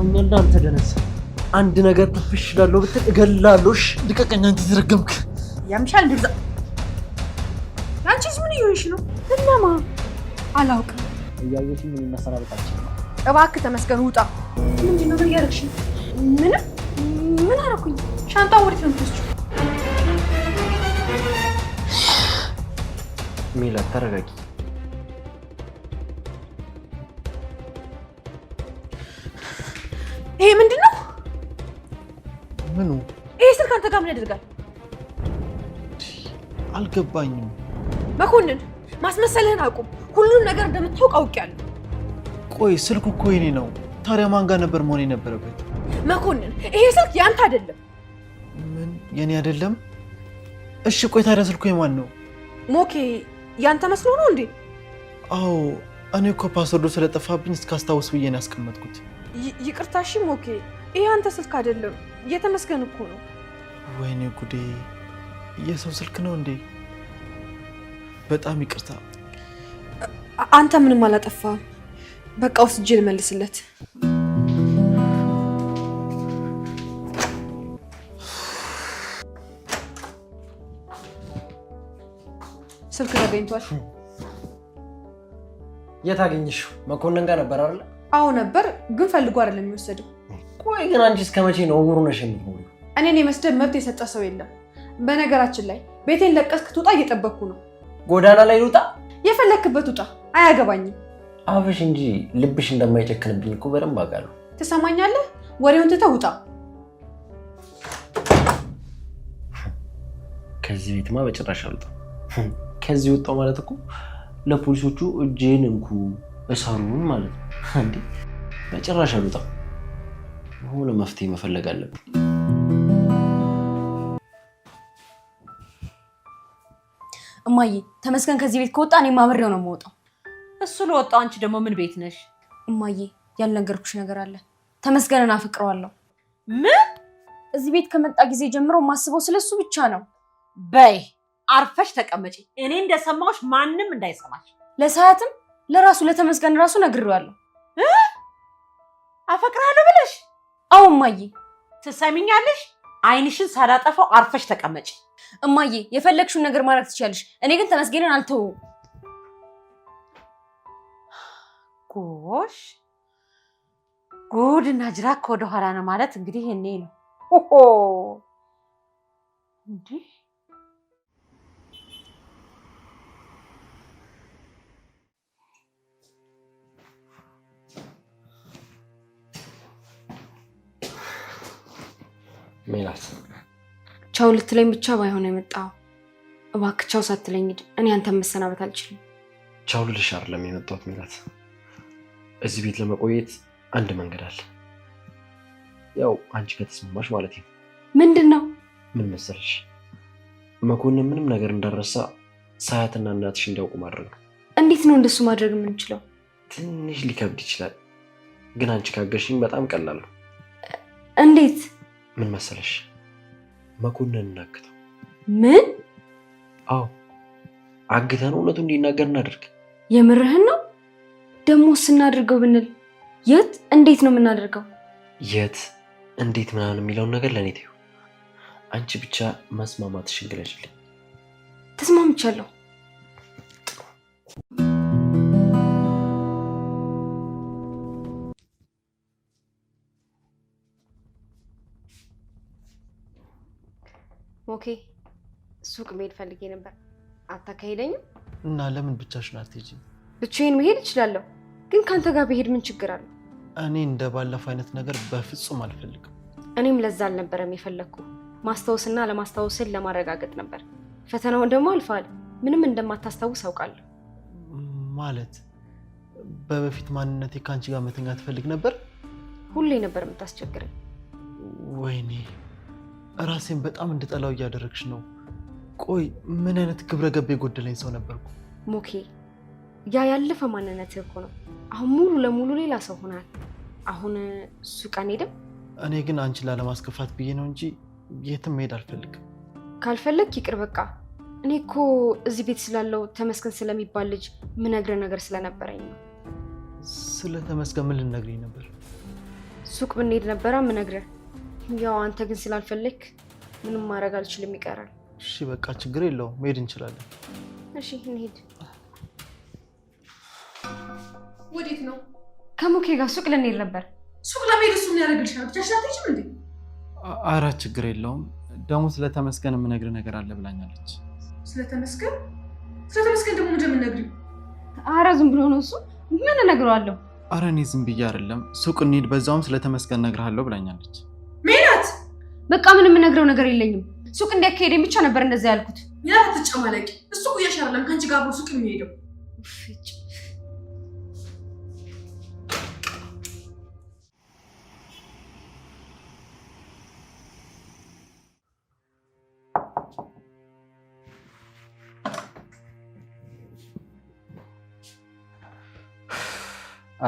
አንተ አልተደነሰ አንድ ነገር ትፍሽ እላለሁ ብትል እገልሃለሁ። እሺ ልቀቀኝ። አንተ የተረገምክ ያምሻል። እንደዛ አንቺስ ምን እየሆንሽ ነው? እናማ አላውቅም። እያየሽ ምን እናሰናበታችን። እባክህ ተመስገን ውጣ። ምንድን ነው እያደረግሽ? ምንም ምን አደረኩኝ? ሻንጣ ወዴት ነው የምትወስጂው? ሚላት ተረጋጊ ይሄ ምንድን ነው? ምኑ? ይሄ ስልክ አንተ ጋር ምን ያደርጋል? አልገባኝም። መኮንን ማስመሰልህን አቁም። ሁሉንም ነገር እንደምታውቅ አውቄያለሁ። ቆይ ስልኩ እኮ የኔ ነው። ታዲያ ማን ጋር ነበር መሆን የነበረበት? መኮንን ይሄ ስልክ ያንተ አይደለም። ምን የኔ አይደለም? እሺ ቆይ ታዲያ ስልኩ የማን ነው? ሞኬ ያንተ መስሎ ነው እንዴ? አዎ እኔ እኮ ፓስወርዱ ስለጠፋብኝ እስካስታውስ ብዬ ነው ያስቀመጥኩት። ይቅርታሽም ኦኬ። ይሄ አንተ ስልክ አይደለም፣ የተመስገን እኮ ነው። ወይኔ ጉዴ! የሰው ስልክ ነው እንዴ? በጣም ይቅርታ። አንተ ምንም አላጠፋም። በቃ ወስጄ ልመልስለት። ስልክ ተገኝቷል። የት አገኘሽው? መኮንን ጋር ነበር አይደለ? አዎ ነበር ግን ፈልጎ አይደለም የሚወሰደው። ቆይ ግን አንቺ እስከ መቼ ነው እውሩ ነሽ የምትሆኑ? እኔን የመስደብ መብት የሰጠ ሰው የለም። በነገራችን ላይ ቤቴን ለቀስክ ትውጣ እየጠበቅኩ ነው። ጎዳና ላይ ልውጣ? የፈለክበት ውጣ፣ አያገባኝም። አፍሽ እንጂ ልብሽ እንደማይጨክንብኝ እኮ በደንብ አውቃለሁ። ትሰማኛለህ? ወሬውን ትተህ ውጣ። ከዚህ ቤትማ በጭራሽ አልወጣም። ከዚህ ወጣው ማለት እኮ ለፖሊሶቹ እጄን እንኩ እሰሩን ማለት ነው። በጭራሽ አልወጣም። የሆነ መፍትሄ መፈለግ አለብን። እማዬ ተመስገን ከዚህ ቤት ከወጣ እኔ ማብሬው ነው የምወጣው። እሱ ለወጣው አንቺ ደግሞ ምን ቤት ነሽ? እማዬ ያልነገርኩሽ ነገር አለ። ተመስገንን አፈቅረዋለሁ። ምን? እዚህ ቤት ከመጣ ጊዜ ጀምሮ ማስበው ስለሱ ብቻ ነው። በይ አርፈሽ ተቀመጪ። እኔ እንደሰማሁሽ ማንም እንዳይሰማሽ። ለሰዓትም ለራሱ ለተመስገን ራሱ ነግሬዋለሁ። አፈቅርሃለሁ ብለሽ? አዎ እማዬ። ትሰሚኛለሽ? አይንሽን ሳላጠፋው አርፈሽ ተቀመጭ። እማዬ የፈለግሽውን ነገር ማድረግ ትችያለሽ። እኔ ግን ተመስገንን አልተውም። ጎሽ ጉድ እና ጅራክ ከወደኋላ ነው ማለት እንግዲህ እኔ ነው እንዲህ ሜላት ቻው ልትለኝ ብቻ ባይሆን የመጣው እባክህ ቻው ሳትለኝ እኔ አንተን መሰናበት አልችልም። ቻው ልልሽ አይደለም የመጣሁት ሜላት፣ እዚህ ቤት ለመቆየት አንድ መንገድ አለ። ያው አንቺ ከተስማማሽ ማለት ነው። ምንድን ነው? ምን መሰለሽ መኮንን ምንም ነገር እንዳረሳ ሳያትና እናትሽ እንዲያውቁ ማድረግ ነው። እንዴት ነው እንደሱ ማድረግ የምንችለው? ትንሽ ሊከብድ ይችላል፣ ግን አንቺ ካገሽኝ በጣም ቀላል ነው። እንዴት? ምን መሰለሽ መኮንን እናግተው። ምን? አዎ አግተን እውነቱ እንዲናገር እናደርግ። የምርህን ነው? ደግሞ ስናደርገው ብንል የት እንዴት ነው የምናደርገው? የት እንዴት ምናምን የሚለውን ነገር ለእኔ ተይው። አንቺ ብቻ መስማማትሽን ግለጭልኝ። ተስማምቻለሁ። ኦኬ ሱቅ መሄድ ፈልጌ ነበር። አታካሄደኝም? እና ለምን ብቻሽን አትሄጂም? ብቻዬን መሄድ እችላለሁ፣ ግን ከአንተ ጋር ብሄድ ምን ችግር አለው? እኔ እንደ ባለፈው አይነት ነገር በፍጹም አልፈልግም። እኔም ለዛ አልነበረም የፈለግኩ ማስታወስና ለማስታወስን ለማረጋገጥ ነበር። ፈተናውን ደግሞ አልፈሃል። ምንም እንደማታስታውስ አውቃለሁ። ማለት በበፊት ማንነቴ ከአንቺ ጋር መተኛ ትፈልግ ነበር። ሁሌ ነበር የምታስቸግረኝ። ወይኔ ራሴን በጣም እንድጠላው እያደረግሽ ነው። ቆይ ምን አይነት ግብረ ገብ የጎደለኝ ሰው ነበርኩ? ሞኬ፣ ያ ያለፈ ማንነት እኮ ነው። አሁን ሙሉ ለሙሉ ሌላ ሰው ሆናል። አሁን ሱቅ አንሄድም። እኔ ግን አንቺን ላለማስከፋት ብዬ ነው እንጂ የትም መሄድ አልፈልግም። ካልፈለግ ይቅር በቃ። እኔ እኮ እዚህ ቤት ስላለው ተመስገን ስለሚባል ልጅ ምነግረ ነገር ስለነበረኝ ነው። ስለ ተመስገን ምን ልነግርኝ ነበር? ሱቅ ብንሄድ ነበራ ምነግረ ያው አንተ ግን ስላልፈለግ ምንም ማድረግ አልችልም፣ ይቀራል። እሺ በቃ ችግር የለውም መሄድ እንችላለን። እሺ እንሄድ። ወዴት ነው? ከሙኬ ጋር ሱቅ ልንሄድ ነበር። ሱቅ ለመሄድ እሱ ምን ያደርግልሻል? ብቻሽን አትሄጂም እንዴ? ኧረ ችግር የለውም። ደግሞ ስለተመስገን የምነግር ነገር አለ ብላኛለች። ስለተመስገን ስለተመስገን ደግሞ ምንድን የምነግሪው? ኧረ ዝም ብሎ ነው እሱ። ምን እነግረዋለሁ? ኧረ እኔ ዝም ብዬ አይደለም ሱቅ እንሂድ፣ በዛውም ስለተመስገን እነግርሃለሁ ብላኛለች። በቃ ምንም የምነግረው ነገር የለኝም። ሱቅ እንዲያካሄደኝ ብቻ ነበር እንደዛ ያልኩት። ያ ትጨመለቂ እሱ እያሽ አይደለም ከአንቺ ጋር ሱቅ የሚሄደው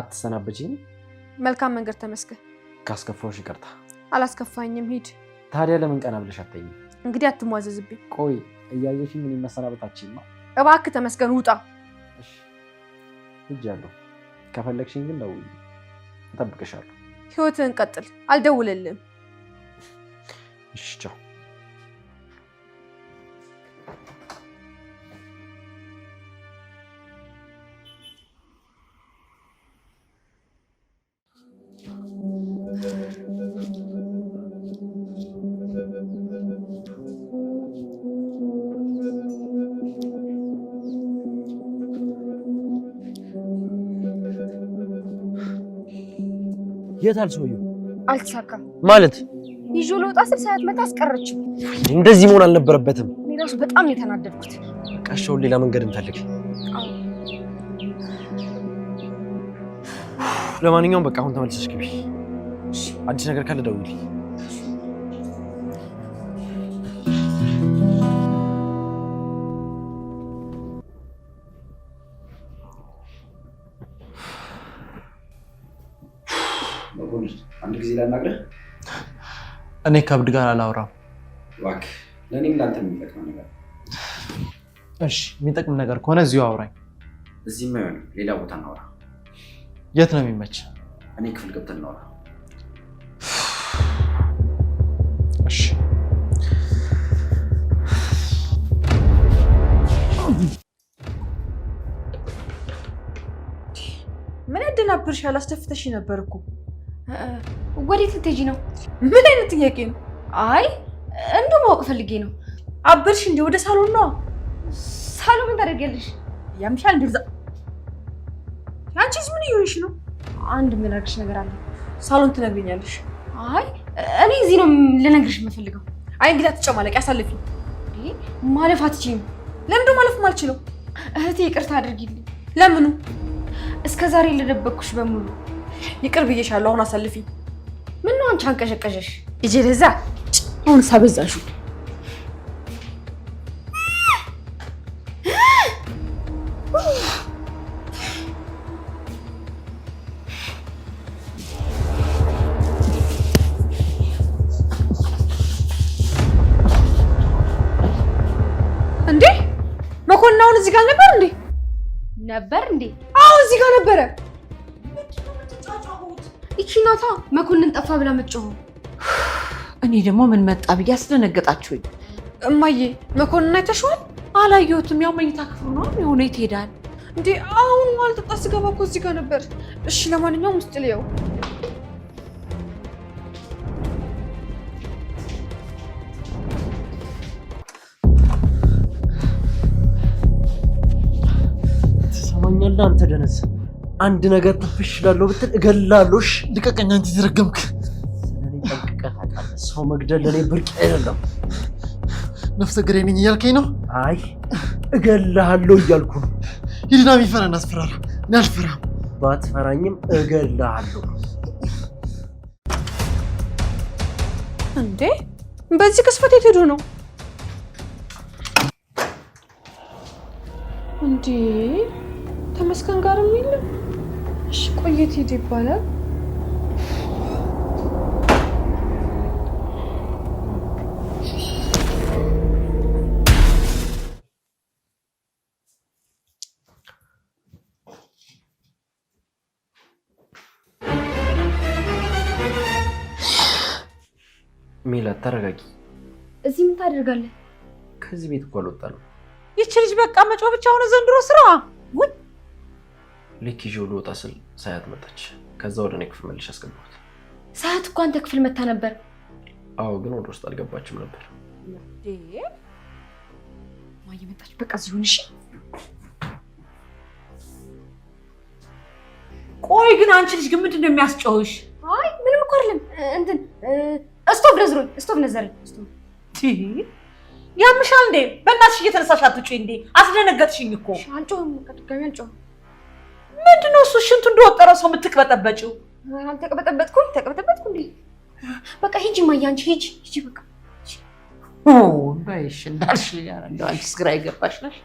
አትሰናበችኝ። መልካም መንገድ ተመስገን። ካስከፋዎች ይቅርታ። አላስከፋኝም፣ ሂድ ታዲያ ለምን ቀና ብለሽ አታይኝም? እንግዲህ አትሟዘዝብኝ። ቆይ እያየሽ ምን መሰናበታችን ነው። ተመስገን ውጣ። እጅ አለሁ። ከፈለግሽኝ ግን ደውል፣ እጠብቅሻለሁ። ህይወትህን ቀጥል፣ አልደውልልም። እሺ ቻው። የታል ሰውየው? አልተሳካም ማለት ይዞ ለወጣ ስል ሰዓት መታ አስቀረች። እንደዚህ መሆን አልነበረበትም። እኔ እራሱ በጣም ነው የተናደድኩት። ሌላ መንገድ እንፈልግ። ለማንኛውም በቃ አሁን ተመልሰሽ ግቢ። አዲስ ነገር ካለ ደውይልኝ። እኔ ከብድ ጋር አላውራም። እባክህ ለእኔም ለአንተ የሚጠቅም ነገር እሺ፣ የሚጠቅም ነገር ከሆነ እዚሁ አውራኝ። እዚህም አይሆንም፣ ሌላ ቦታ እናውራ። የት ነው የሚመች? እኔ ክፍል ገብተን እናውራ። እሺ ምን እድል ነበርሽ? ያላስደፍተሽ ነበር እኮ። ወዴት ልትሄጂ ነው? ምን አይነት ጥያቄ ነው? አይ እንዱ ማወቅ ፈልጌ ነው። አብርሽ እንዴ? ወደ ሳሎን ነው። ሳሎን ምን ታደርጊያለሽ? ያምሻል እንደዛ። አንቺስ ምን እየሆንሽ ነው? አንድ የምነግርሽ ነገር አለ። ሳሎን ትነግሪኛለሽ? አይ እኔ እዚህ ነው ልነግርሽ የምፈልገው። አይ እንግዲህ አትጨማለቂ፣ አሳልፊ። ማለፍ አትችይም። ለምንዶ ማለፍ ማልችለው? እህቴ ይቅርታ አድርጊልኝ። ለምኑ? እስከ ዛሬ ልደበቅኩሽ በሙሉ ይቅር ብዬሻለሁ። አሁን አሳልፊ። አንቺ አንቀሸቀሸሽ። እጄ ለዛ ጭሆን ሳበዛሹ እንዴ መኮንን አሁን እዚህ ጋር ነበር እንዴ ነበር እንዴ? አዎ እዚህ ጋር ነበረ። ይቺ ናታ መኮንን ጠፋ ብላ መጮሁ። እኔ ደግሞ ምን መጣ ብዬ አስደነገጣችሁኝ። እማዬ መኮንን አይተሽዋል? አላየሁትም። ያው መኝታ ክፍሉ ነው የሆነ የት ሄዳል እንዴ? አሁን ዋልጠጣ ስገባ እኮ እዚህ ጋር ነበር። እሺ ለማንኛውም ውስጥ ልየው። ትሰማኛለህ አንተ ደነስ አንድ ነገር ትፍሽ እላለሁ ብትል እገላለሽ እሺ ልቀቀኝ፣ አንተ የተረገምክ። ሰው መግደል ለእኔ ብርቅ አይደለም። ነፍሰ ገዳይ ነኝ እያልከኝ ነው? አይ እገላለሁ እያልኩ ነው። ሂድና የሚፈራ እናስፈራራ። እኔ አልፈራም። ባትፈራኝም እገላለሁ። እንዴ በዚህ ቅስፈት የት ሄዱ ነው እንዴ? ከመስከን ጋርም የሚል እሺ ቆየት ሂድ ይባላል። ሜላት ተረጋጊ። እዚህ ምን ታደርጋለህ? ከዚህ ቤት እኮ አልወጣ ነው። ይቺ ልጅ በቃ መጮህ ብቻ ሆነ ዘንድሮ ስራዋ። ልክ ይዤው ልወጣ ስል ሳያት መጣች። ከዛ ወደ እኔ ክፍል መልሽ አስገባሁት። ሳያት እኮ አንተ ክፍል መታ ነበር። አዎ፣ ግን ወደ ውስጥ አልገባችም ነበር። ማየ መጣች። በቃ እዚሁን። እሺ ቆይ ግን አንቺ ልጅ ግን ምንድን ነው የሚያስጨውሽ? አይ ምንም እኮ አይደለም። እንትን እስቶቭ ነዝሮኝ፣ እስቶቭ ነዘረኝ። ያምሻል እንዴ? በእናትሽ እየተነሳሽ አትጩ እንዴ! አስደነገጥሽኝ እኮ። አልጮህም፣ ድጋሚ አልጮህም ምንድነው እሱ? ሽንቱ እንደወጠረ ሰው የምትቅበጠበጭው ተቅበጠበጥኩ ተቅበጠበጥኩ። በቃ ሂጂ ማየ፣ አንቺ ሂጂ ሂጂ፣ በቃ በይሽ እንዳልሽ። እንደው አንቺስ ግራ የገባሽ ነሽ።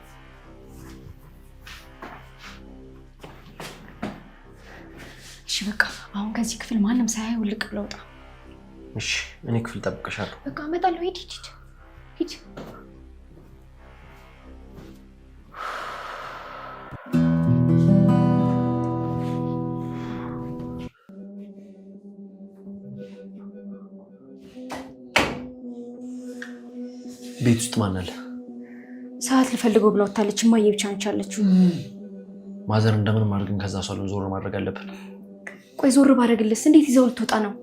እሺ በቃ አሁን ከዚህ ክፍል ማንም ሳያይ ውልቅ ብለውጣ። እሺ እኔ ክፍል ጠብቅሻለሁ። በቃ እመጣለሁ። ሂድ ሂድ ሂድ። ቤት ውስጥ ማን አለ? ሰዓት ልፈልገው ብላ ወታለች። እማዬ ብቻ ነች አለችው። ማዘር እንደምን ማድረግን ከዛ ሳሎን ዞር ማድረግ አለብን። ቆይ ዞር ባደረግልስ እንዴት ይዘው ልትወጣ ነው?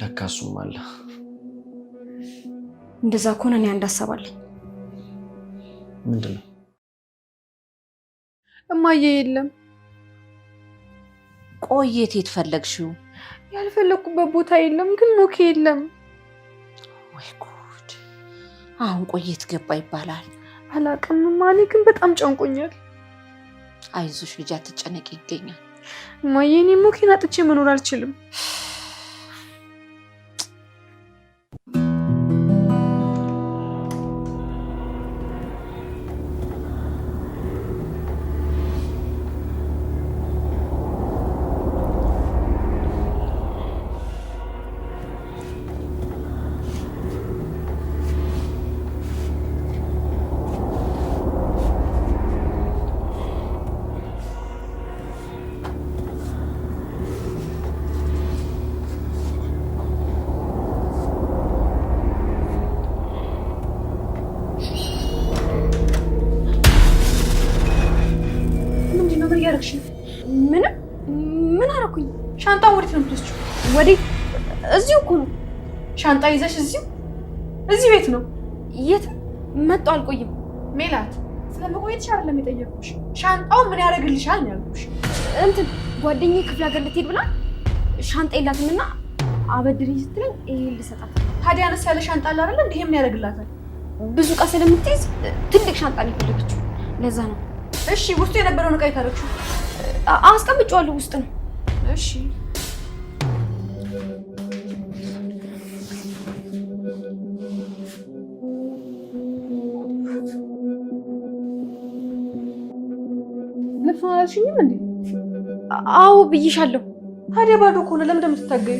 ለካ እሱም አለ። እንደዛ ከሆነ እኔ አንድ ሀሳብ አለኝ። ምንድን ነው? እማዬ የለም። ቆየት የት ፈለግሽው? ያልፈለግኩበት ቦታ የለም፣ ግን ሞኬ የለም ወይ አሁን ቆየት ገባ ይባላል። አላቅም ማኔ ግን በጣም ጨንቆኛል። አይዞሽ ልጅ አትጨነቅ ይገኛል። ማየኔ እኔ ሞኬን አጥቼ መኖር አልችልም። እያደረግሽ ምንም ምን አደረኩኝ? ሻንጣን ወዴት ነው የምትወስጂው? ወዴት? እዚሁ እኮ ነው። ሻንጣ ይዘሽ እዚሁ እዚህ ቤት ነው? የትም መጥቶ አልቆይም። ሜላት ስለመቆየትሽ አይደለም የጠየኩሽ፣ ሻንጣው ምን ያደርግልሻል ነው ያልኩሽ። እንትን ጓደኛዬ ክፍለ ሀገር ልትሄድ ብላ ሻንጣ የላትም እና አበድሪኝ ስትለኝ ይሄን ልሰጣት። ታዲያ አነስ ያለ ሻንጣ አለ አይደለ? ይሄ ምን ብዙ ዕቃ ስለምትይዝ ትልቅ ሻንጣ ነው የፈለገችው። ለዛ ነው እሺ፣ ውስጡ የነበረውን እቃ የታረችው? አስቀምጫዋለሁ ውስጥ ነው። እሺ አልሽኝም እንዴ? አዎ ብይሻለሁ። ታዲያ ባዶ ከሆነ ለምን እንደምትታገዩ?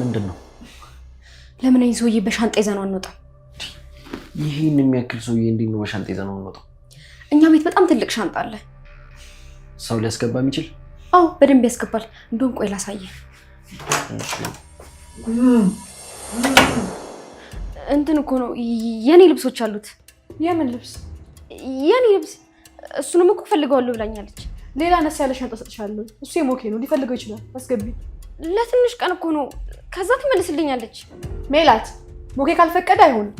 ምንድን ነው? ለምን አይን ሰውዬ በሻንጣ ይዘነው አንወጣም? ይህን የሚያክል ሰውዬ እንዴት ነው በሻንጣ ይዘነው አንወጣው? እኛ ቤት በጣም ትልቅ ሻንጣ አለ። ሰው ሊያስገባ የሚችል? አዎ በደንብ ያስገባል። እንደውም ቆይ ላሳየ። እንትን እኮ ነው የኔ ልብሶች አሉት። የምን ልብስ? የኔ ልብስ። እሱንም እኮ ፈልገዋለሁ ብላኛለች። ሌላ ነስ ያለ ሻንጣ ሰጥሻለሁ። እሱ የሞኬ ነው፣ ሊፈልገው ይችላል። አስገቢ። ለትንሽ ቀን እኮ ነው፣ ከዛ ትመልስልኛለች። ሜላት፣ ሞኬ ካልፈቀደ አይሆንም።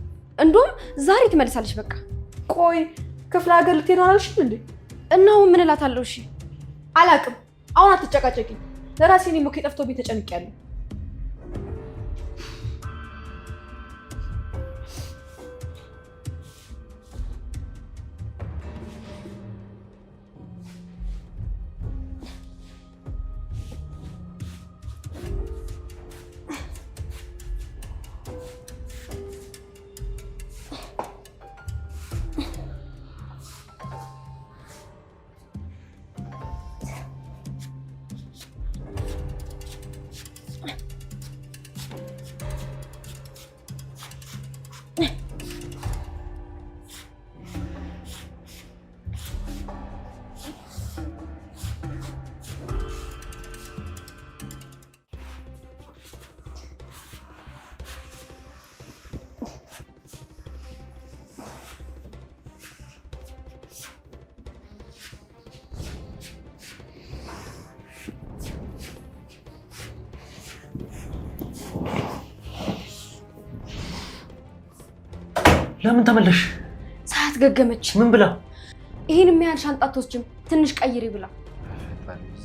እንዲሁም ዛሬ ትመልሳለች። በቃ ቆይ ክፍለ ሀገር ልትሄድ አላልሽም እንዴ? እነሆ ምን እላታለሁ። እሺ አላቅም። አሁን አትጨቃጨቂ። ለራሴ እኔም እኮ የጠፍቶብኝ ተጨንቄያለሁ። ለምን ተመለሽ? ሰዓት ገገመች። ምን ብላ? ይህን የሚያህል ሻንጣ አትወስጂም፣ ትንሽ ቀይሪ ብላ።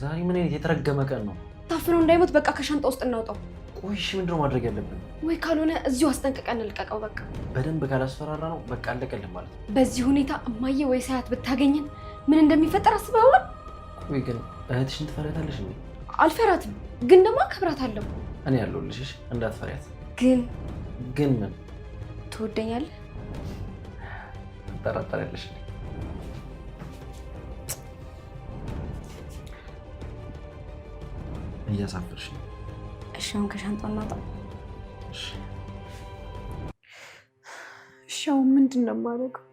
ዛሬ ምን አይነት የተረገመ ቀን ነው? ታፍኖ እንዳይሞት በቃ ከሻንጣ ውስጥ እናውጣው። ቆይሽ እሺ፣ ምንድን ነው ማድረግ ያለብን? ወይ ካልሆነ እዚሁ አስጠንቅቀን እንልቀቀው። በቃ በደንብ ካላስፈራራ ነው በቃ አለቀልን ማለት ነው። በዚህ ሁኔታ እማዬ ወይ ሰዓት ብታገኘን ምን እንደሚፈጠር አስበዋል? ቆይ ግን እህትሽን ትፈሪያታለሽ እ አልፈራትም፣ ግን ደግሞ አከብራታለሁ። እኔ ያለሁልሽ እንዳትፈሪያት። ግን ግን ምን ትወደኛለህ? ትጠራጠሪያለሽ። እያሳፍርሽ ነው። እሺ፣ አሁን ከሻንጣ እናውጣው። እሺ፣ አሁን ምንድን ነው የማደርገው?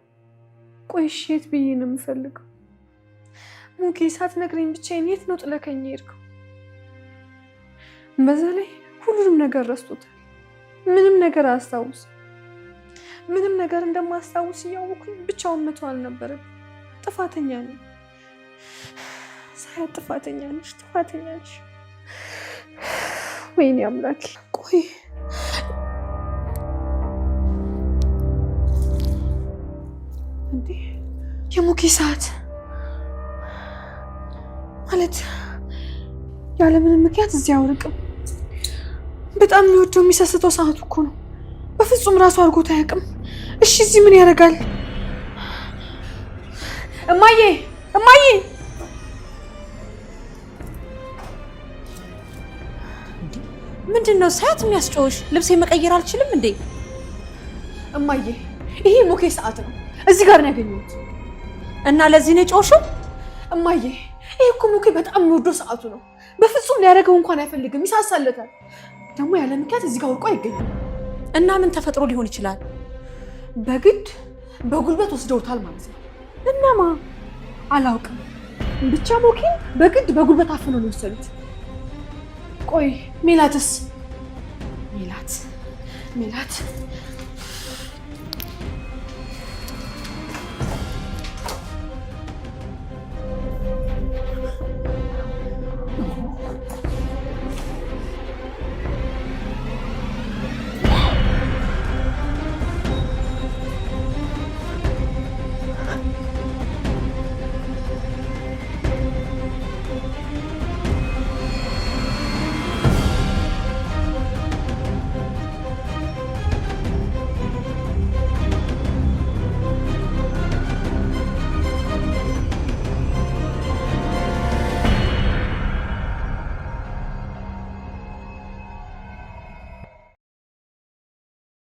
ቆይ እሺ፣ የት ብዬ ነው የምፈልገው? ሙኬ፣ ሳትነግረኝ ብቻዬን የት ነው ጥለከኝ ሄድከው? በዛ ላይ ሁሉንም ነገር ረስቶታል። ምንም ነገር አያስታውስም። ምንም ነገር እንደማስታውስ እያወኩኝ ብቻውን መቶ አልነበረም። ጥፋተኛ ነኝ ሳያት፣ ጥፋተኛ ነሽ፣ ጥፋተኛ ነሽ። ወይኔ አምላኬ! ቆይ እንዴ የሙኬ ሰዓት ማለት ያለምንም ምክንያት እዚህ አውርቅም። በጣም የሚወደው የሚሰስተው ሰዓት እኮ ነው። በፍጹም ራሱ አድርጎት አያውቅም። እሺ፣ እዚህ ምን ያደርጋል? እማዬ እማዬ! ምንድን ነው ሰዓት የሚያስጮሽ? ልብሴ መቀየር አልችልም እንዴ? እማዬ፣ ይሄ ሞኬ ሰዓት ነው። እዚህ ጋር ነው ያገኘሁት እና ለዚህ ነው የጨውሽው? እማዬ፣ ይሄ እኮ ሞኬ በጣም የሚወደው ሰዓቱ ነው። በፍጹም ሊያደርገው እንኳን አይፈልግም፣ ይሳሳለታል። ደግሞ ያለ ምክንያት እዚህ ጋር ወድቆ አይገኝም። እና ምን ተፈጥሮ ሊሆን ይችላል? በግድ በጉልበት ወስደውታል ማለት ነው። እናማ አላውቅም፣ ብቻ ሞኪን በግድ በጉልበት አፍኖ ነው የወሰዱት። ቆይ ሜላትስ? ሜላት ሜላት